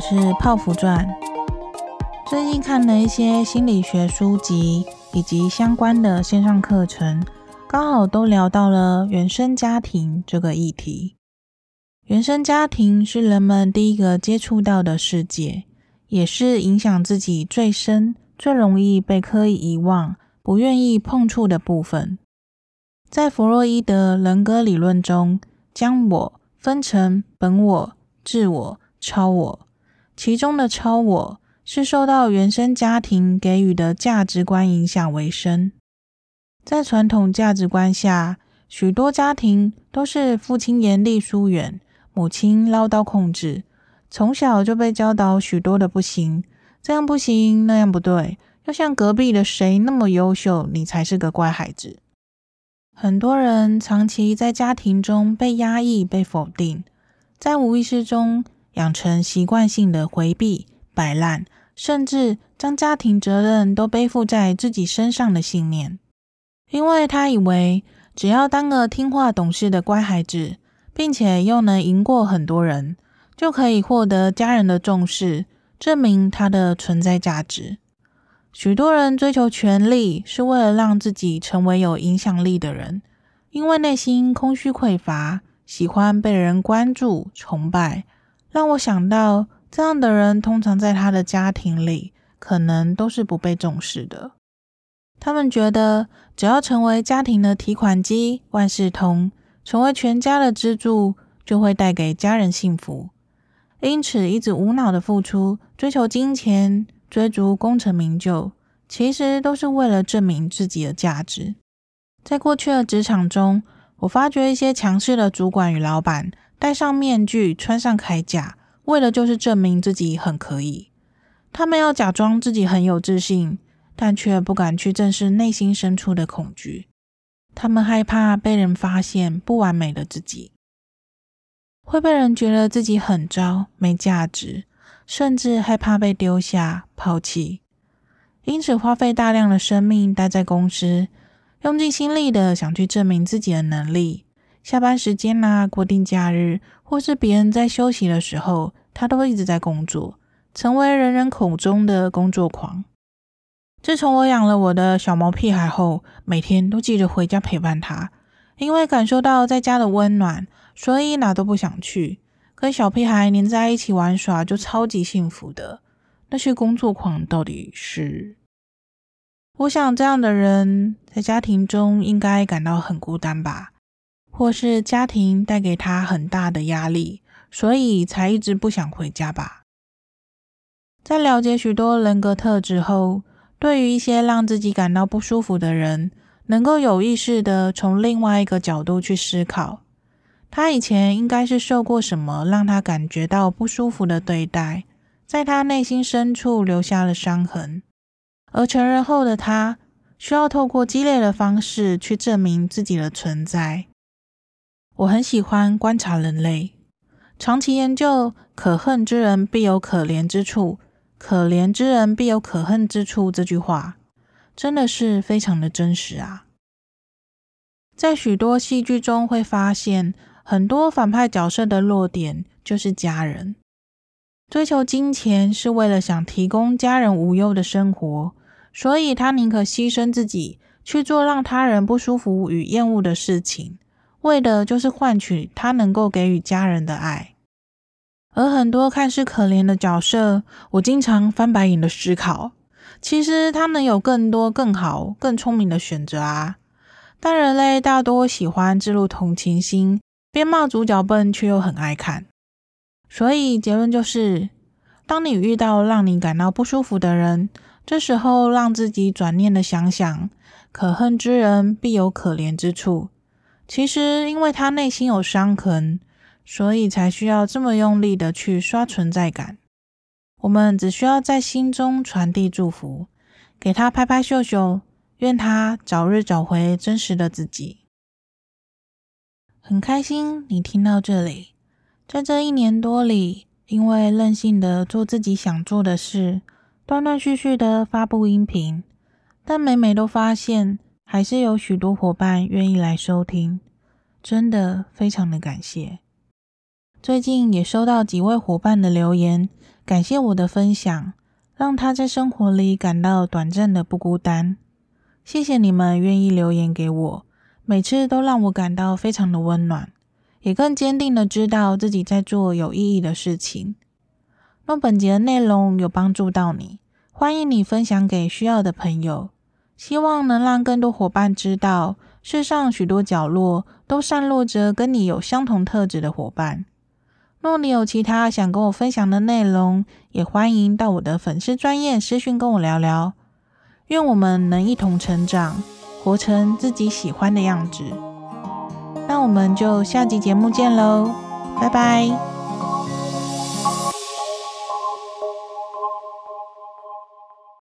是泡芙鑽。最近看了一些心理學書籍以及相關的線上課程，剛好都聊到了原生家庭這個議題。原生家庭是人們第一個接觸到的世界，也是影響自己最深、最容易被刻意遺忘、不願意碰觸的部分。在弗洛伊德人格理論中，將我分成本我、自我、超我。其中的超我是受到原生家庭給予的價值觀影響為深，在傳統價值觀下，許多家庭都是父親嚴厲疏遠，母親嘮叨控制，從小就被教導許多的不行，這樣不行，那樣不對，要像隔壁的誰那麼優秀，你才是個乖孩子。很多人長期在家庭中被壓抑、被否定，在無意識中。養成習慣性的回避、擺爛，甚至將家庭責任都背負在自己身上的信念，因為他以為只要當個聽話懂事的乖孩子，並且又能贏過很多人，就可以獲得家人的重視，證明他的存在價值。許多人追求權力是為了讓自己成為有影響力的人，因為內心空虛匱乏，喜歡被人關注、崇拜。讓我想到，這樣的人通常在他的家庭裡可能都是不被重視的。他們覺得，只要成為家庭的提款機、萬事通，成為全家的支柱，就會帶給家人幸福。因此，一直無腦的付出，追求金錢，追逐功成名就，其實都是為了證明自己的價值。在過去的職場中，我發覺一些強勢的主管與老闆。戴上面具，穿上鎧甲，為的就是證明自己很可以。他們要假裝自己很有自信，但卻不敢去正視內心深處的恐懼。他們害怕被人發現不完美的自己，會被人覺得自己很糟、沒價值，甚至害怕被丟下、拋棄。因此，花費大量的生命待在公司，用盡心力的想去證明自己的能力。下班時間啦、啊，國定假日，或是別人在休息的時候，他都一直在工作，成為人人口中的工作狂。自從我養了我的小毛屁孩後，每天都記得回家陪伴他，因為感受到在家的溫暖，所以哪都不想去，跟小屁孩黏在一起玩耍就超級幸福的。那些工作狂到底是？我想這樣的人在家庭中應該感到很孤單吧。或是家庭帶給他很大的壓力，所以才一直不想回家吧。在了解許多人格特質後，對於一些讓自己感到不舒服的人，能夠有意識地從另外一個角度去思考。他以前應該是受過什麼讓他感覺到不舒服的對待，在他內心深處留下了傷痕。而成人後的他，需要透過激烈的方式去證明自己的存在。我很喜歡觀察人類，長期研究“可恨之人必有可憐之處，可憐之人必有可恨之處”這句話，真的是非常的真實啊。在許多戲劇中會發現，很多反派角色的弱點就是家人。追求金錢是為了想提供家人無憂的生活，所以他寧可犧牲自己，去做讓他人不舒服與厭惡的事情。為的就是換取他能夠給予家人的愛，而很多看似可憐的角色，我經常翻白眼的思考，其實他能有更多、更好、更聰明的選擇啊！但人類大多喜歡置入同情心，邊罵主角笨，卻又很愛看。所以結論就是：當你遇到讓你感到不舒服的人，這時候讓自己轉念的想想，可恨之人必有可憐之處。其實，因為他內心有傷痕，所以才需要這麼用力的去刷存在感。我們只需要在心中傳遞祝福，給他拍拍秀秀，願他早日找回真實的自己。很開心你聽到這裡，在這一年多裡，因為任性的做自己想做的事，斷斷續續的發布音頻，但每每都發現，還是有許多夥伴願意來收聽，真的非常的感謝。最近也收到幾位夥伴的留言，感謝我的分享，讓他在生活裡感到短暫的不孤單。謝謝你們願意留言給我，每次都讓我感到非常的溫暖，也更堅定的知道自己在做有意義的事情。若本集的內容有幫助到你，歡迎你分享給需要的朋友。希望能讓更多夥伴知道，世上許多角落都散落着跟你有相同特質的夥伴。若你有其他想跟我分享的內容，也歡迎到我的粉絲專頁私訊跟我聊聊。願我們能一同成長，活成自己喜歡的樣子。那我們就下集節目見嘍，拜拜。